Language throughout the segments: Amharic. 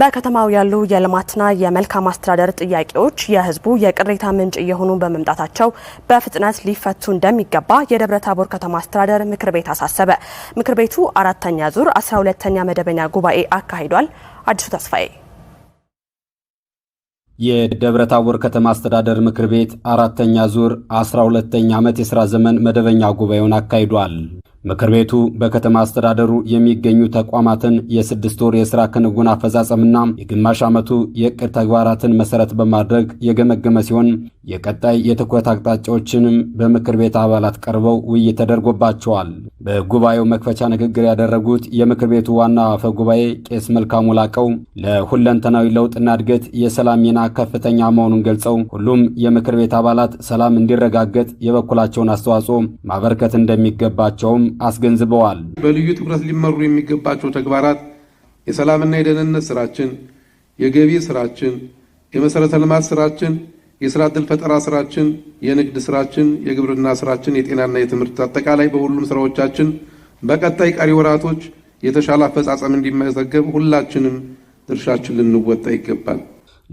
በከተማው ያሉ የልማትና የመልካም አስተዳደር ጥያቄዎች የህዝቡ የቅሬታ ምንጭ እየሆኑ በመምጣታቸው በፍጥነት ሊፈቱ እንደሚገባ የደብረ ታቦር ከተማ አስተዳደር ምክር ቤት አሳሰበ። ምክር ቤቱ አራተኛ ዙር 12ተኛ መደበኛ ጉባኤ አካሂዷል። አዲሱ ተስፋዬ የደብረ ታቦር ከተማ አስተዳደር ምክር ቤት አራተኛ ዙር 12ኛ ዓመት የሥራ ዘመን መደበኛ ጉባኤውን አካሂዷል። ምክር ቤቱ በከተማ አስተዳደሩ የሚገኙ ተቋማትን የስድስት ወር የሥራ ክንውን አፈጻጸምና የግማሽ ዓመቱ የዕቅድ ተግባራትን መሠረት በማድረግ የገመገመ ሲሆን የቀጣይ የትኩረት አቅጣጫዎችንም በምክር ቤት አባላት ቀርበው ውይይት ተደርጎባቸዋል። በጉባኤው መክፈቻ ንግግር ያደረጉት የምክር ቤቱ ዋና አፈ ጉባኤ ቄስ መልካሙ ላቀው ለሁለንተናዊ ለውጥና እድገት የሰላም ሚና ከፍተኛ መሆኑን ገልጸው ሁሉም የምክር ቤት አባላት ሰላም እንዲረጋገጥ የበኩላቸውን አስተዋጽኦ ማበርከት እንደሚገባቸውም አስገንዝበዋል። በልዩ ትኩረት ሊመሩ የሚገባቸው ተግባራት የሰላምና የደህንነት ስራችን፣ የገቢ ስራችን፣ የመሰረተ ልማት ስራችን፣ የስራ ዕድል ፈጠራ ስራችን፣ የንግድ ስራችን፣ የግብርና ስራችን፣ የጤናና የትምህርት አጠቃላይ በሁሉም ስራዎቻችን በቀጣይ ቀሪ ወራቶች የተሻለ አፈጻጸም እንዲመዘገብ ሁላችንም ድርሻችን ልንወጣ ይገባል።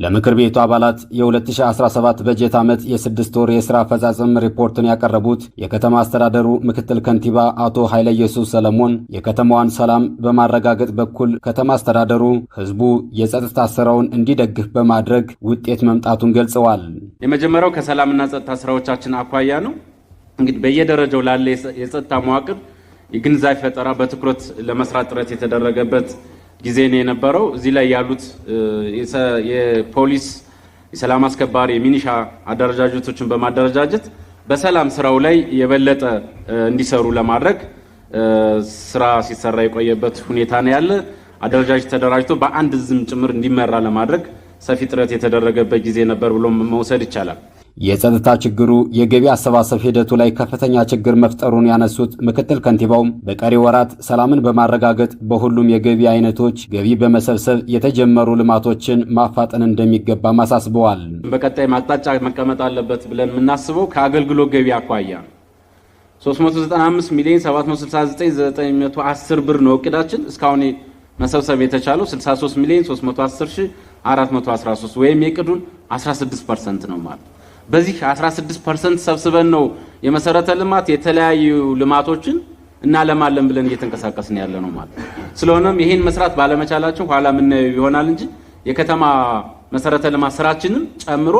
ለምክር ቤቱ አባላት የ2017 በጀት ዓመት የስድስት ወር የሥራ አፈጻጸም ሪፖርትን ያቀረቡት የከተማ አስተዳደሩ ምክትል ከንቲባ አቶ ኃይለ ኢየሱስ ሰለሞን የከተማዋን ሰላም በማረጋገጥ በኩል ከተማ አስተዳደሩ ሕዝቡ የጸጥታ ስራውን እንዲደግፍ በማድረግ ውጤት መምጣቱን ገልጸዋል። የመጀመሪያው ከሰላምና ጸጥታ ስራዎቻችን አኳያ ነው። እንግዲህ በየደረጃው ላለ የጸጥታ መዋቅር የግንዛቤ ፈጠራ በትኩረት ለመስራት ጥረት የተደረገበት ጊዜ ነው የነበረው። እዚህ ላይ ያሉት የፖሊስ የሰላም አስከባሪ የሚኒሻ አደረጃጀቶችን በማደረጃጀት በሰላም ስራው ላይ የበለጠ እንዲሰሩ ለማድረግ ስራ ሲሰራ የቆየበት ሁኔታ ነው ያለ። አደረጃጀት ተደራጅቶ በአንድ ዝም ጭምር እንዲመራ ለማድረግ ሰፊ ጥረት የተደረገበት ጊዜ ነበር ብሎ መውሰድ ይቻላል። የጸጥታ ችግሩ የገቢ አሰባሰብ ሂደቱ ላይ ከፍተኛ ችግር መፍጠሩን ያነሱት ምክትል ከንቲባውም በቀሪ ወራት ሰላምን በማረጋገጥ በሁሉም የገቢ አይነቶች ገቢ በመሰብሰብ የተጀመሩ ልማቶችን ማፋጠን እንደሚገባም አሳስበዋል። በቀጣይ ማቅጣጫ መቀመጥ አለበት ብለን የምናስበው ከአገልግሎት ገቢ አኳያ 395 ሚሊዮን 769910 ብር ነው እቅዳችን። እስካሁን መሰብሰብ የተቻለው 63 ሚሊዮን 310 413 ወይም የቅዱን 16 ፐርሰንት ነው ማለት በዚህ 16 ፐርሰንት ሰብስበን ነው የመሰረተ ልማት የተለያዩ ልማቶችን እናለማለን ብለን እየተንቀሳቀስን ያለ ነው ማለት። ስለሆነም ይሄን መስራት ባለመቻላችን ኋላ የምናየው ይሆናል እንጂ የከተማ መሰረተ ልማት ስራችንም ጨምሮ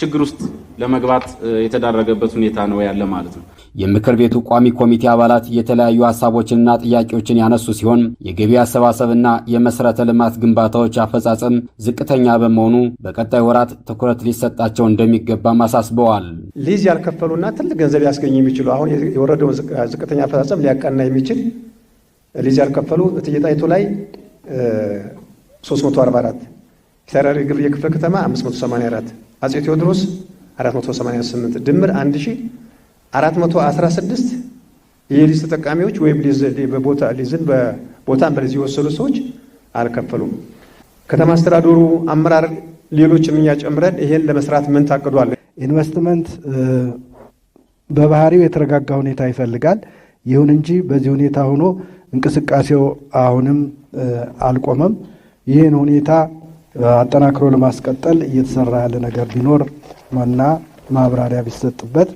ችግር ውስጥ ለመግባት የተዳረገበት ሁኔታ ነው ያለ ማለት ነው። የምክር ቤቱ ቋሚ ኮሚቴ አባላት የተለያዩ ሀሳቦችንና ጥያቄዎችን ያነሱ ሲሆን የገቢ አሰባሰብና የመሰረተ ልማት ግንባታዎች አፈጻጸም ዝቅተኛ በመሆኑ በቀጣይ ወራት ትኩረት ሊሰጣቸው እንደሚገባም አሳስበዋል። ሊዝ ያልከፈሉና ትልቅ ገንዘብ ያስገኙ የሚችሉ አሁን የወረደውን ዝቅተኛ አፈጻጸም ሊያቀና የሚችል ሊዝ ያልከፈሉ እትዬ ጣይቱ ላይ 344 ተራሪ ግብየ ክፍለ ከተማ 584 አጼ ቴዎድሮስ 488 ድምር 1416 የሊዝ ተጠቃሚዎች ወይም በቦታ ሊዝን በቦታን በሊዝ የወሰዱ ሰዎች አልከፈሉም። ከተማ አስተዳደሩ አመራር ሌሎች እኛ ጨምረን ይሄን ለመስራት ምን ታቅዷል? ኢንቨስትመንት በባህሪው የተረጋጋ ሁኔታ ይፈልጋል። ይሁን እንጂ በዚህ ሁኔታ ሆኖ እንቅስቃሴው አሁንም አልቆመም። ይህን ሁኔታ አጠናክሮ ለማስቀጠል እየተሰራ ያለ ነገር ቢኖር ማና ማብራሪያ ቢሰጥበት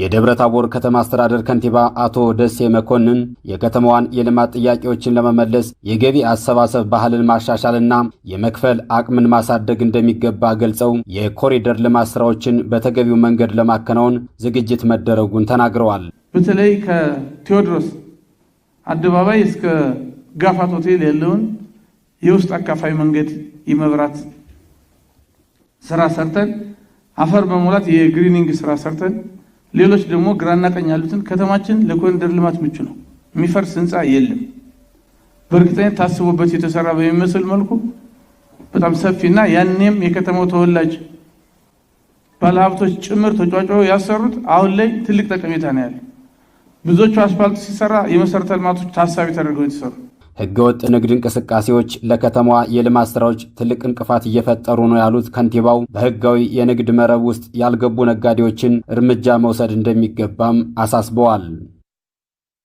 የደብረ ታቦር ከተማ አስተዳደር ከንቲባ አቶ ደሴ መኮንን የከተማዋን የልማት ጥያቄዎችን ለመመለስ የገቢ አሰባሰብ ባህልን ማሻሻልና የመክፈል አቅምን ማሳደግ እንደሚገባ ገልጸው የኮሪደር ልማት ስራዎችን በተገቢው መንገድ ለማከናወን ዝግጅት መደረጉን ተናግረዋል። በተለይ ከቴዎድሮስ አደባባይ እስከ ጋፋት ሆቴል ያለውን የውስጥ አካፋይ መንገድ የመብራት ስራ ሰርተን አፈር በመሙላት የግሪኒንግ ስራ ሰርተን ሌሎች ደግሞ ግራና ቀኝ ያሉትን ከተማችን ለኮሪደር ልማት ምቹ ነው። የሚፈርስ ህንፃ የለም። በእርግጠኝነት ታስቦበት የተሰራ በሚመስል መልኩ በጣም ሰፊና ያኔም የከተማው ተወላጅ ባለሀብቶች ጭምር ተጫጭረው ያሰሩት አሁን ላይ ትልቅ ጠቀሜታ ነው ያለው። ብዙዎቹ አስፋልት ሲሰራ የመሰረተ ልማቶች ታሳቢ ተደርገው የተሰሩ ህገወጥ ንግድ እንቅስቃሴዎች ለከተማዋ የልማት ስራዎች ትልቅ እንቅፋት እየፈጠሩ ነው ያሉት ከንቲባው በህጋዊ የንግድ መረብ ውስጥ ያልገቡ ነጋዴዎችን እርምጃ መውሰድ እንደሚገባም አሳስበዋል።